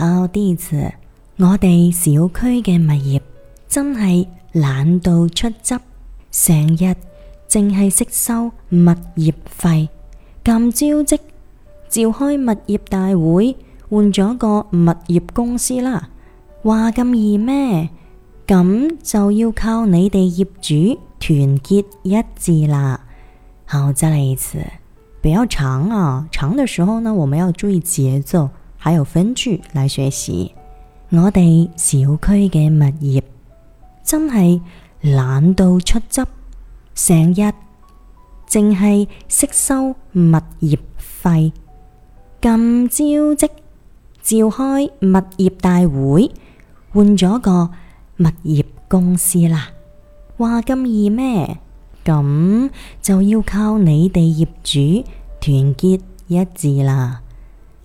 好，第一次我哋小區嘅物業真係懶到出汁，成日淨係識收物業費，咁招積，召開物業大會，換咗個物業公司啦。話咁易咩？咁就要靠你哋業主團結一致啦。好，再嚟一次，比較長啊，長嘅時候呢，我們要注意節奏。喺度分住嚟說事，我哋小區嘅物業真係懶到出汁。成日淨係識收物業費，咁招積，召開物業大會，換咗個物業公司啦。話咁易咩？咁就要靠你哋業主團結一致啦。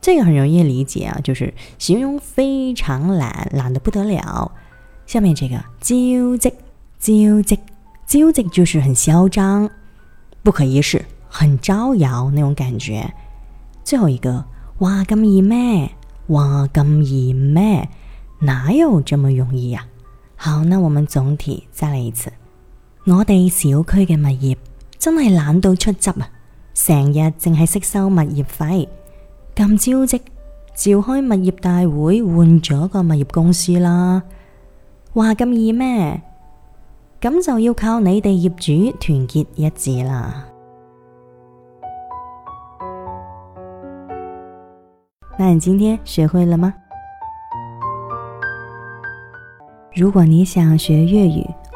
這個很容易理解啊，就是形容非常懶，懶得不得了。下面這個招積、招積、招積，就是很囂張、不可一世、很招搖那種感覺。最後一個話咁易咩？話咁易咩？哪有這麼容易呀、啊？好，那我們總體再來一次。我哋小區嘅物業真係懶到出汁啊，成日淨係識收物業費。咁招積，召開物業大會，換咗個物業公司啦。話咁易咩？咁就要靠你哋業主團結一致啦。那你今天學會了嗎？如果你想學粵語。